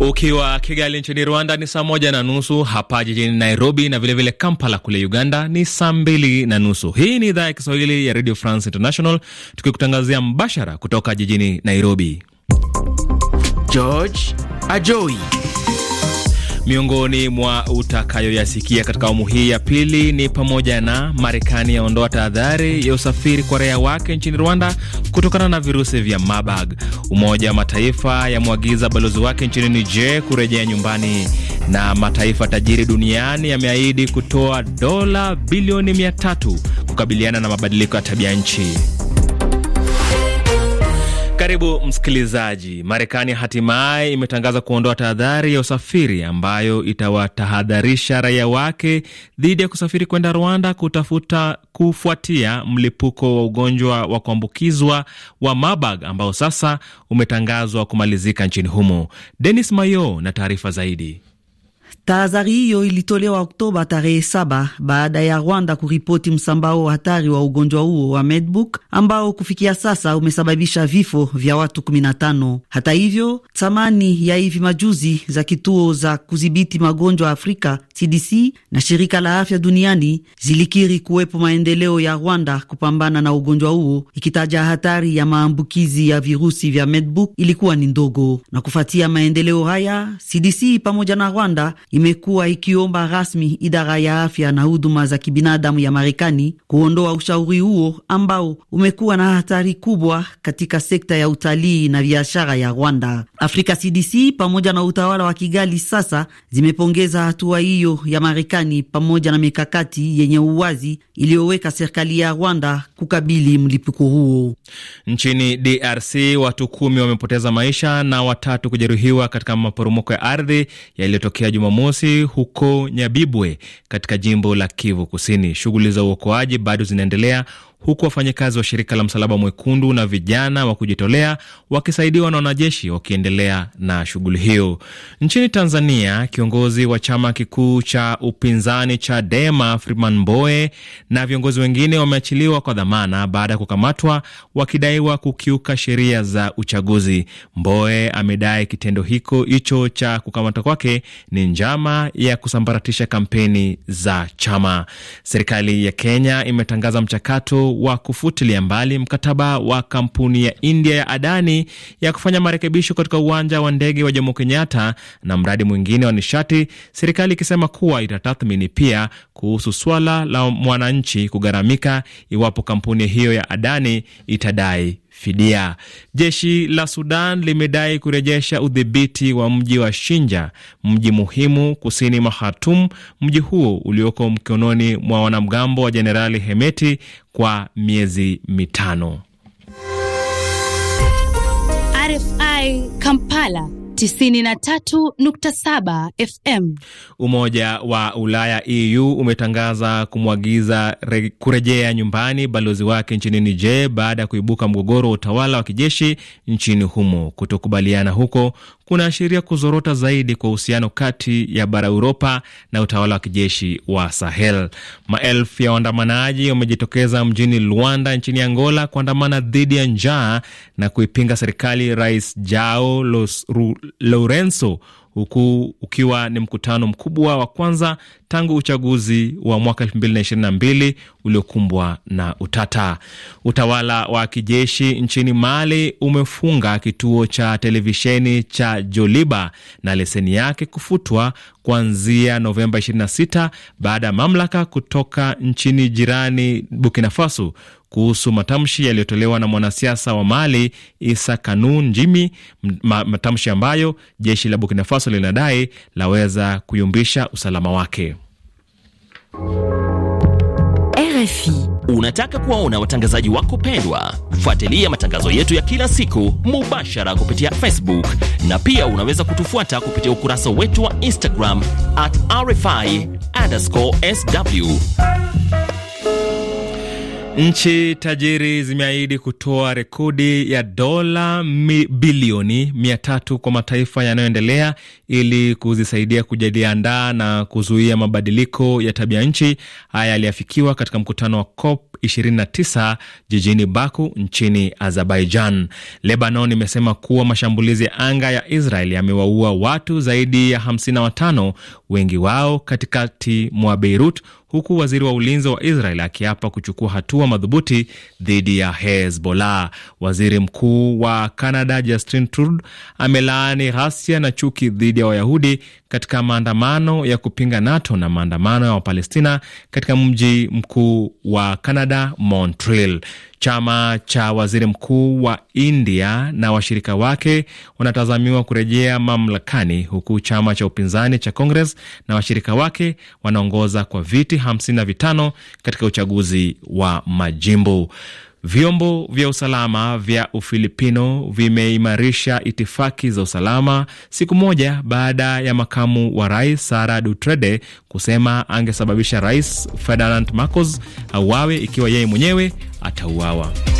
Ukiwa Kigali nchini Rwanda ni saa moja na nusu, hapa jijini Nairobi na vilevile vile Kampala kule Uganda ni saa mbili na nusu. Hii ni idhaa ya Kiswahili ya Radio France International tukikutangazia mbashara kutoka jijini Nairobi. George Ajoi Miongoni mwa utakayoyasikia katika awamu hii ya pili ni pamoja na Marekani yaondoa tahadhari ya usafiri kwa raia wake nchini Rwanda kutokana na virusi vya Marburg, Umoja wa Mataifa yamwagiza balozi wake nchini Niger kurejea nyumbani, na mataifa tajiri duniani yameahidi kutoa dola bilioni 3 kukabiliana na mabadiliko ya tabia nchi. Karibu msikilizaji. Marekani hatimaye imetangaza kuondoa tahadhari ya usafiri ambayo itawatahadharisha raia wake dhidi ya kusafiri kwenda Rwanda kutafuta kufuatia mlipuko wa ugonjwa wa kuambukizwa wa Marburg ambao sasa umetangazwa kumalizika nchini humo. Denis Mayo na taarifa zaidi. Tahadhari hiyo ilitolewa Oktoba tarehe saba baada ya Rwanda kuripoti msambao wa hatari wa ugonjwa huo wa Medbook ambao kufikia sasa umesababisha vifo vya watu 15. Hata hivyo, thamani ya hivi majuzi za kituo za kudhibiti magonjwa Afrika CDC na shirika la afya duniani zilikiri kuwepo maendeleo ya Rwanda kupambana na ugonjwa huo, ikitaja hatari ya maambukizi ya virusi vya Medbook ilikuwa ni ndogo. Na kufuatia maendeleo haya, CDC pamoja na Rwanda imekuwa ikiomba rasmi idara ya afya na huduma za kibinadamu ya Marekani kuondoa ushauri huo ambao umekuwa na hatari kubwa katika sekta ya utalii na biashara ya Rwanda. Afrika CDC pamoja na utawala wa Kigali sasa zimepongeza hatua hiyo ya Marekani pamoja na mikakati yenye uwazi iliyoweka serikali ya Rwanda kukabili mlipuko huo. Nchini DRC watu kumi wamepoteza maisha na watatu kujeruhiwa katika maporomoko ya ardhi yaliyotokea juma Jumamosi huko Nyabibwe katika jimbo la Kivu Kusini. Shughuli za uokoaji bado zinaendelea huku wafanyakazi wa shirika la Msalaba Mwekundu na vijana wa kujitolea wakisaidiwa na wanajeshi wakiendelea na shughuli hiyo. Nchini Tanzania, kiongozi wa chama kikuu cha upinzani cha dema Freeman Mbowe na viongozi wengine wameachiliwa kwa dhamana baada ya kukamatwa wakidaiwa kukiuka sheria za uchaguzi. Mbowe amedai kitendo hiko hicho cha kukamatwa kwake ni njama ya kusambaratisha kampeni za chama. Serikali ya Kenya imetangaza mchakato wa kufutilia mbali mkataba wa kampuni ya India ya Adani ya kufanya marekebisho katika uwanja wa ndege wa Jomo Kenyatta na mradi mwingine wa nishati, serikali ikisema kuwa itatathmini pia kuhusu swala la mwananchi kugharamika iwapo kampuni hiyo ya Adani itadai fidia. Jeshi la Sudan limedai kurejesha udhibiti wa mji wa Shinja, mji muhimu kusini mwa Khartoum, mji huo ulioko mkononi mwa wanamgambo wa Jenerali Hemeti kwa miezi mitano. RFI Kampala 93.7 FM. Umoja wa Ulaya EU umetangaza kumwagiza kurejea nyumbani balozi wake nchini Niger baada ya kuibuka mgogoro wa utawala wa kijeshi nchini humo. Kutokubaliana huko kunaashiria kuzorota zaidi kwa uhusiano kati ya bara Uropa na utawala wa kijeshi wa Sahel. Maelfu ya waandamanaji wamejitokeza mjini Luanda nchini Angola kuandamana dhidi ya njaa na kuipinga serikali Rais Jao Los, Lourenco, huku ukiwa ni mkutano mkubwa wa kwanza tangu uchaguzi wa mwaka 2022 uliokumbwa na utata. Utawala wa kijeshi nchini Mali umefunga kituo cha televisheni cha Joliba na leseni yake kufutwa kuanzia Novemba 26 baada ya mamlaka kutoka nchini jirani Burkina Faso kuhusu matamshi yaliyotolewa na mwanasiasa wa Mali Isa Kanun Njimi, matamshi ambayo jeshi la Burkina Faso linadai laweza kuyumbisha usalama wake. RFI. Unataka kuwaona watangazaji wako pendwa? Fuatilia matangazo yetu ya kila siku mubashara kupitia Facebook na pia unaweza kutufuata kupitia ukurasa wetu wa Instagram at RFI_SW. Nchi tajiri zimeahidi kutoa rekodi ya dola bilioni mia tatu kwa mataifa yanayoendelea ili kuzisaidia kujiandaa na kuzuia mabadiliko ya tabia nchi. Haya yaliafikiwa katika mkutano wa COP 29 jijini Baku nchini Azerbaijan. Lebanon imesema kuwa mashambulizi ya anga ya Israel yamewaua watu zaidi ya 55 wengi wao katikati mwa Beirut huku waziri wa ulinzi wa Israel akiapa kuchukua hatua madhubuti dhidi ya Hezbollah. Waziri mkuu wa Canada Justin Trudeau amelaani ghasia na chuki dhidi ya Wayahudi katika maandamano ya kupinga NATO na maandamano ya Wapalestina katika mji mkuu wa Canada Montreal. Chama cha waziri mkuu wa India na washirika wake wanatazamiwa kurejea mamlakani, huku chama cha upinzani cha Congress na washirika wake wanaongoza kwa viti 55 katika uchaguzi wa majimbo. Vyombo vya usalama vya Ufilipino vimeimarisha itifaki za usalama siku moja baada ya makamu wa rais Sara Dutrede kusema angesababisha rais Ferdinand Marcos auawe ikiwa yeye mwenyewe atauawa.